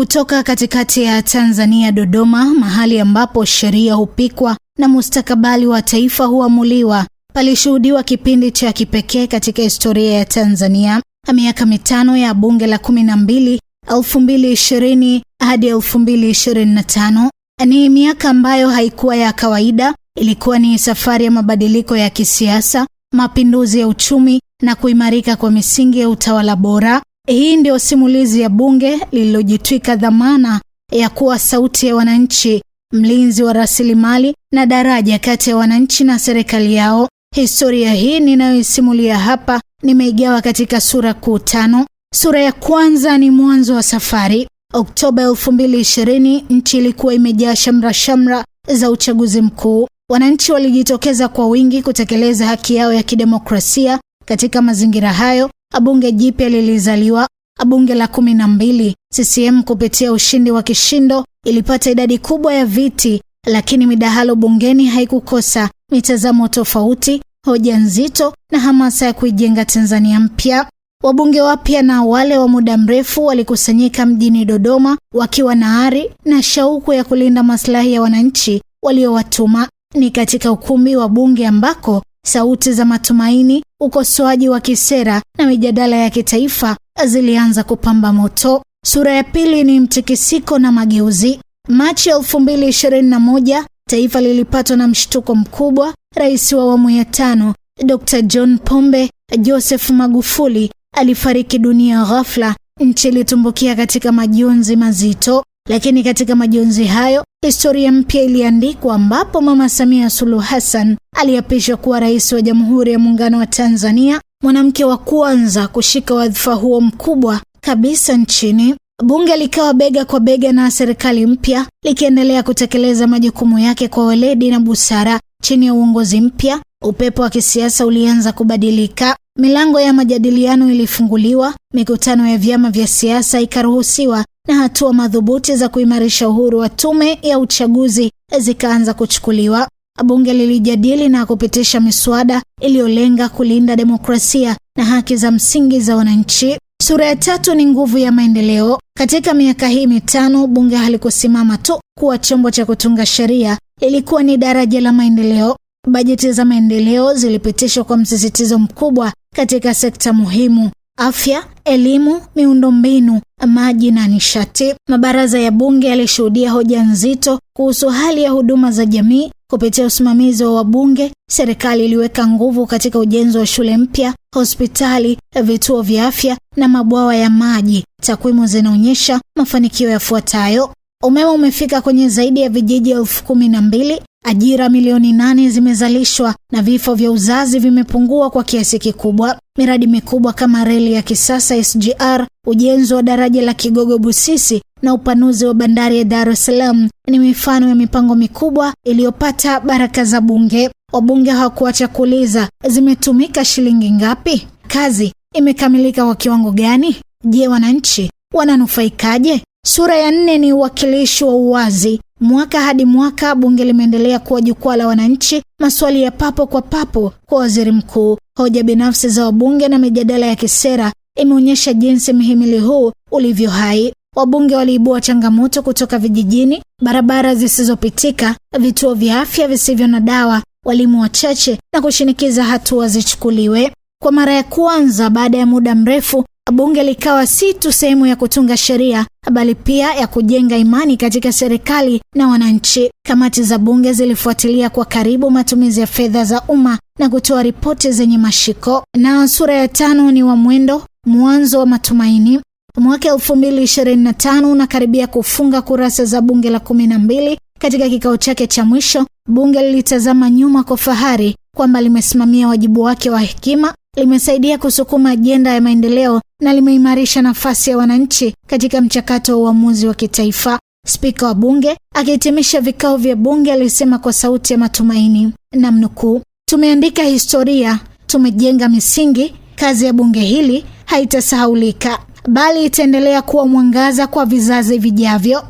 Kutoka katikati ya Tanzania Dodoma, mahali ambapo sheria hupikwa na mustakabali wa taifa huamuliwa, palishuhudiwa kipindi cha kipekee katika historia ya Tanzania, miaka mitano ya bunge la kumi na mbili, elfu mbili ishirini hadi elfu mbili ishirini na tano. Ni miaka ambayo haikuwa ya kawaida. Ilikuwa ni safari ya mabadiliko ya kisiasa, mapinduzi ya uchumi na kuimarika kwa misingi ya utawala bora. Hii ndio simulizi ya bunge lililojitwika dhamana ya kuwa sauti ya wananchi, mlinzi wa rasilimali na daraja kati ya wananchi na serikali yao. Historia hii ninayoisimulia hapa nimeigawa katika sura kuu tano. Sura ya kwanza ni mwanzo wa safari. Oktoba 2020 nchi ilikuwa imejaa shamra shamra za uchaguzi mkuu. Wananchi walijitokeza kwa wingi kutekeleza haki yao ya kidemokrasia. Katika mazingira hayo, Bunge jipya lilizaliwa, bunge la kumi na mbili. CCM kupitia ushindi wa kishindo ilipata idadi kubwa ya viti, lakini midahalo bungeni haikukosa mitazamo tofauti, hoja nzito na hamasa ya kuijenga Tanzania mpya. Wabunge wapya na wale wa muda mrefu walikusanyika mjini Dodoma wakiwa na ari na shauku ya kulinda maslahi ya wananchi waliowatuma. Ni katika ukumbi wa bunge ambako Sauti za matumaini, ukosoaji wa kisera na mijadala ya kitaifa zilianza kupamba moto. Sura ya pili ni mtikisiko na mageuzi. Machi 2021 taifa lilipatwa na mshtuko mkubwa. Rais wa awamu ya tano Dr. John Pombe Joseph Magufuli alifariki dunia ghafla. Nchi ilitumbukia katika majonzi mazito, lakini katika majonzi hayo Historia mpya iliandikwa ambapo Mama Samia Suluhu Hassan aliapishwa kuwa rais wa Jamhuri ya Muungano wa Tanzania, mwanamke wa kwanza kushika wadhifa huo mkubwa kabisa nchini. Bunge likawa bega kwa bega na serikali mpya likiendelea kutekeleza majukumu yake kwa weledi na busara chini ya uongozi mpya Upepo wa kisiasa ulianza kubadilika. Milango ya majadiliano ilifunguliwa, mikutano ya vyama vya siasa ikaruhusiwa, na hatua madhubuti za kuimarisha uhuru wa tume ya uchaguzi zikaanza kuchukuliwa. Bunge lilijadili na kupitisha miswada iliyolenga kulinda demokrasia na haki za msingi za wananchi. Sura ya tatu ni nguvu ya maendeleo. Katika miaka hii mitano, bunge halikusimama tu kuwa chombo cha kutunga sheria, lilikuwa ni daraja la maendeleo. Bajeti za maendeleo zilipitishwa kwa msisitizo mkubwa katika sekta muhimu: afya, elimu, miundombinu, maji na nishati. Mabaraza ya bunge yalishuhudia hoja nzito kuhusu hali ya huduma za jamii. Kupitia usimamizi wa wabunge, serikali iliweka nguvu katika ujenzi wa shule mpya, hospitali, vituo vya afya na mabwawa ya maji. Takwimu zinaonyesha mafanikio yafuatayo: umeme umefika kwenye zaidi ya vijiji elfu kumi na mbili Ajira milioni nane zimezalishwa na vifo vya uzazi vimepungua kwa kiasi kikubwa. Miradi mikubwa kama reli ya kisasa SGR, ujenzi wa daraja la Kigogo Busisi na upanuzi wa bandari ya Dar es Salaam ni mifano ya mipango mikubwa iliyopata baraka za Bunge. Wabunge hawakuacha kuuliza, zimetumika shilingi ngapi? Kazi imekamilika kwa kiwango gani? Je, wananchi wananufaikaje? Sura ya nne ni uwakilishi wa uwazi. Mwaka hadi mwaka bunge limeendelea kuwa jukwaa la wananchi, maswali ya papo kwa papo kwa waziri mkuu, hoja binafsi za wabunge na mijadala ya kisera imeonyesha jinsi mhimili huu ulivyo hai. Wabunge waliibua changamoto kutoka vijijini, barabara zisizopitika, vituo vya afya visivyo na dawa, walimu wachache, na kushinikiza hatua zichukuliwe. Kwa mara ya kwanza baada ya muda mrefu, Bunge likawa si tu sehemu ya kutunga sheria bali pia ya kujenga imani katika serikali na wananchi. Kamati za bunge zilifuatilia kwa karibu matumizi ya fedha za umma na kutoa ripoti zenye mashiko. Na sura ya tano ni wa mwendo, mwanzo wa matumaini. Mwaka elfu mbili ishirini na tano unakaribia kufunga kurasa za bunge la kumi na mbili. Katika kikao chake cha mwisho, bunge lilitazama nyuma kwa fahari kwamba limesimamia wajibu wake wa hekima limesaidia kusukuma ajenda ya maendeleo na limeimarisha nafasi ya wananchi katika mchakato wa uamuzi wa kitaifa. Spika wa Bunge akihitimisha vikao vya Bunge alisema kwa sauti ya matumaini, na mnukuu tumeandika historia, tumejenga misingi. Kazi ya bunge hili haitasahaulika, bali itaendelea kuwa mwangaza kwa vizazi vijavyo.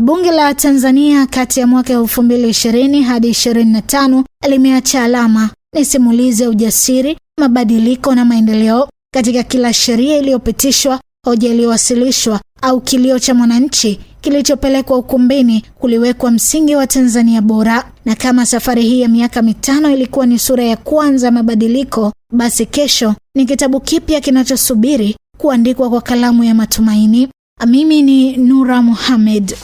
Bunge la Tanzania kati ya mwaka 220 hadi 25 limeacha alama. Ni simulizi ya ujasiri, mabadiliko na maendeleo katika kila sheria iliyopitishwa, hoja iliyowasilishwa au kilio cha mwananchi kilichopelekwa ukumbini kuliwekwa msingi wa Tanzania bora. Na kama safari hii ya miaka mitano ilikuwa ni sura ya kwanza mabadiliko, basi kesho ni kitabu kipya kinachosubiri kuandikwa kwa kalamu ya matumaini. Mimi ni Nura Muhammad.